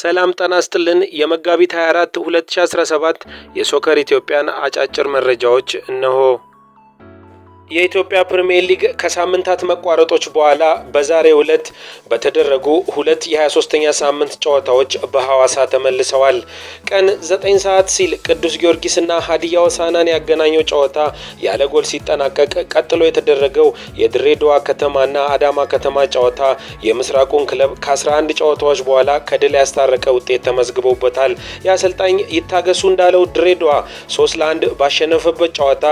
ሰላም ጠና ስጥልን። የመጋቢት 24 2017 የሶከር ኢትዮጵያን አጫጭር መረጃዎች እነሆ። የኢትዮጵያ ፕሪምየር ሊግ ከሳምንታት መቋረጦች በኋላ በዛሬው ዕለት በተደረጉ ሁለት የ23ኛ ሳምንት ጨዋታዎች በሐዋሳ ተመልሰዋል። ቀን 9 ሰዓት ሲል ቅዱስ ጊዮርጊስና ሀዲያ ወሳናን ያገናኘው ጨዋታ ያለ ጎል ሲጠናቀቅ፣ ቀጥሎ የተደረገው የድሬዳዋ ከተማና አዳማ ከተማ ጨዋታ የምስራቁን ክለብ ከ11 ጨዋታዎች በኋላ ከድል ያስታረቀ ውጤት ተመዝግቦበታል። የአሰልጣኝ ይታገሱ እንዳለው ድሬዳዋ 3 ለ1 ባሸነፈበት ጨዋታ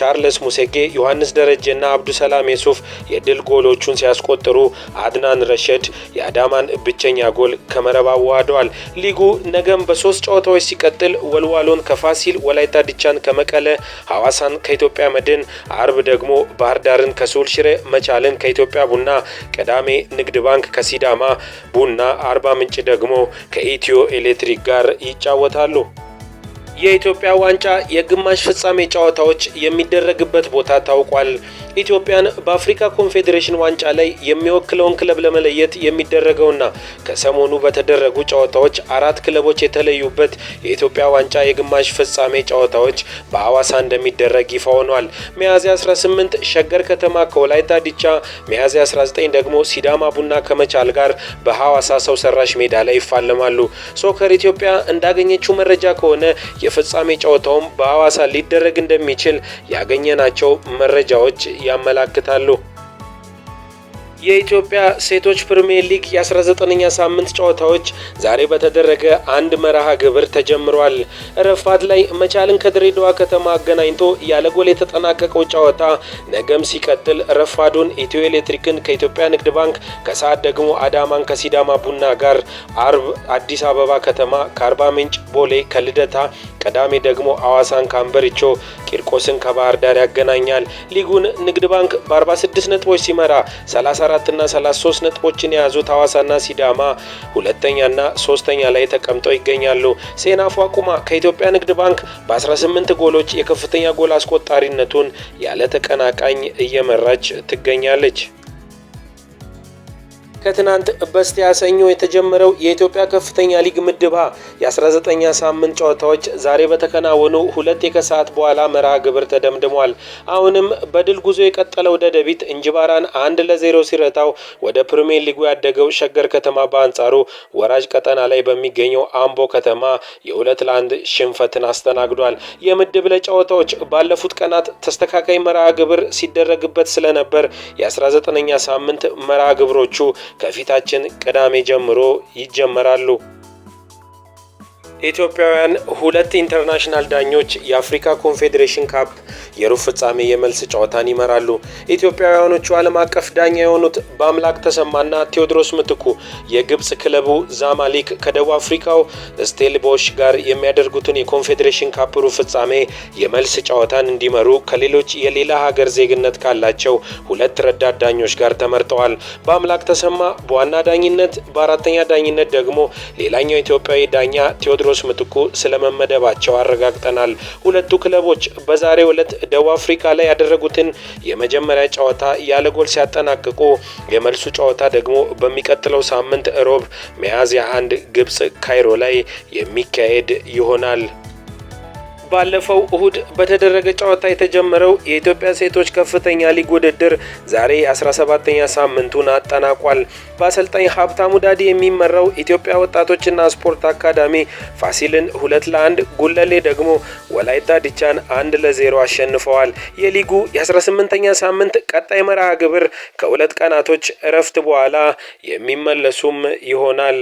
ቻርለስ ሙሴጌ ዮሐንስ ኤልያስ ደረጀና አብዱሰላም የሱፍ የድል ጎሎቹን ሲያስቆጥሩ አድናን ረሸድ የአዳማን ብቸኛ ጎል ከመረብ አዋህደዋል። ሊጉ ነገም በሶስት ጨዋታዎች ሲቀጥል ወልዋሎን ከፋሲል፣ ወላይታ ድቻን ከመቀለ፣ ሐዋሳን ከኢትዮጵያ መድን፣ አርብ ደግሞ ባህር ዳርን ከሱል ሽሬ፣ መቻልን ከኢትዮጵያ ቡና፣ ቅዳሜ ንግድ ባንክ ከሲዳማ ቡና፣ አርባ ምንጭ ደግሞ ከኢትዮ ኤሌክትሪክ ጋር ይጫወታሉ። የኢትዮጵያ ዋንጫ የግማሽ ፍጻሜ ጨዋታዎች የሚደረግበት ቦታ ታውቋል። ኢትዮጵያን በአፍሪካ ኮንፌዴሬሽን ዋንጫ ላይ የሚወክለውን ክለብ ለመለየት የሚደረገውና ከሰሞኑ በተደረጉ ጨዋታዎች አራት ክለቦች የተለዩበት የኢትዮጵያ ዋንጫ የግማሽ ፍጻሜ ጨዋታዎች በሐዋሳ እንደሚደረግ ይፋ ሆኗል። ሚያዝያ 18 ሸገር ከተማ ከወላይታ ዲቻ፣ ሚያዝያ 19 ደግሞ ሲዳማ ቡና ከመቻል ጋር በሐዋሳ ሰው ሰራሽ ሜዳ ላይ ይፋለማሉ። ሶከር ኢትዮጵያ እንዳገኘችው መረጃ ከሆነ የፍጻሜ ጨዋታውም በሐዋሳ ሊደረግ እንደሚችል ያገኘናቸው መረጃዎች ያመላክታሉ። የኢትዮጵያ ሴቶች ፕሪሚየር ሊግ የ19ኛ ሳምንት ጨዋታዎች ዛሬ በተደረገ አንድ መርሃ ግብር ተጀምሯል። ረፋት ላይ መቻልን ከድሬዳዋ ከተማ አገናኝቶ ያለ ጎል የተጠናቀቀው ጨዋታ ነገም ሲቀጥል ረፋዱን ኢትዮ ኤሌክትሪክን ከኢትዮጵያ ንግድ ባንክ፣ ከሰዓት ደግሞ አዳማን ከሲዳማ ቡና ጋር፣ አርብ አዲስ አበባ ከተማ ከአርባ ምንጭ፣ ቦሌ ከልደታ፣ ቅዳሜ ደግሞ አዋሳን ከአንበሪቾ፣ ቂርቆስን ከባህር ዳር ያገናኛል። ሊጉን ንግድ ባንክ በ46 ነጥቦች ሲመራ 34ና 33 ነጥቦችን የያዙት ሐዋሳና ሲዳማ ሁለተኛና ሶስተኛ ላይ ተቀምጠው ይገኛሉ። ሴናፉ አቁማ ከኢትዮጵያ ንግድ ባንክ በ18 ጎሎች የከፍተኛ ጎል አስቆጣሪነቱን ያለ ተቀናቃኝ እየመራች ትገኛለች። ከትናንት በስቲያ ሰኞ የተጀመረው የኢትዮጵያ ከፍተኛ ሊግ ምድብ ሀ የ19ኛ ሳምንት ጨዋታዎች ዛሬ በተከናወኑ ሁለት የከሰዓት በኋላ መርሃ ግብር ተደምድሟል። አሁንም በድል ጉዞ የቀጠለው ደደቢት እንጅባራን አንድ ለዜሮ ሲረታው ወደ ፕሪሚየር ሊጉ ያደገው ሸገር ከተማ በአንጻሩ ወራጅ ቀጠና ላይ በሚገኘው አምቦ ከተማ የሁለት ለአንድ ሽንፈትን አስተናግዷል። የምድብ ለጨዋታዎች ባለፉት ቀናት ተስተካካይ መርሃ ግብር ሲደረግበት ስለነበር የ19ኛ ሳምንት መርሃ ግብሮቹ ከፊታችን ቅዳሜ ጀምሮ ይጀመራሉ። ኢትዮጵያውያን ሁለት ኢንተርናሽናል ዳኞች የአፍሪካ ኮንፌዴሬሽን ካፕ የሩብ ፍጻሜ የመልስ ጨዋታን ይመራሉ። ኢትዮጵያውያኖቹ ዓለም አቀፍ ዳኛ የሆኑት በአምላክ ተሰማና ቴዎድሮስ ምትኩ የግብፅ ክለቡ ዛማሊክ ከደቡብ አፍሪካው ስቴልቦሽ ጋር የሚያደርጉትን የኮንፌዴሬሽን ካፕ ሩብ ፍጻሜ የመልስ ጨዋታን እንዲመሩ ከሌሎች የሌላ ሀገር ዜግነት ካላቸው ሁለት ረዳት ዳኞች ጋር ተመርጠዋል። በአምላክ ተሰማ በዋና ዳኝነት፣ በአራተኛ ዳኝነት ደግሞ ሌላኛው ኢትዮጵያዊ ዳኛ ቴዎድሮስ ምትኩ ስለመመደባቸው አረጋግጠናል። ሁለቱ ክለቦች በዛሬው ዕለት ደቡብ አፍሪካ ላይ ያደረጉትን የመጀመሪያ ጨዋታ ያለ ጎል ሲያጠናቅቁ የመልሱ ጨዋታ ደግሞ በሚቀጥለው ሳምንት ሮብ ሚያዝያ አንድ ግብጽ ካይሮ ላይ የሚካሄድ ይሆናል። ባለፈው እሁድ በተደረገ ጨዋታ የተጀመረው የኢትዮጵያ ሴቶች ከፍተኛ ሊግ ውድድር ዛሬ 17ኛ ሳምንቱን አጠናቋል። በአሰልጣኝ ሀብታሙ ዳዲ የሚመራው ኢትዮጵያ ወጣቶችና ስፖርት አካዳሚ ፋሲልን ሁለት ለአንድ ጉለሌ ደግሞ ወላይታ ዲቻን አንድ ለዜሮ አሸንፈዋል። የሊጉ የ18ኛ ሳምንት ቀጣይ መርሃ ግብር ከሁለት ቀናቶች እረፍት በኋላ የሚመለሱም ይሆናል።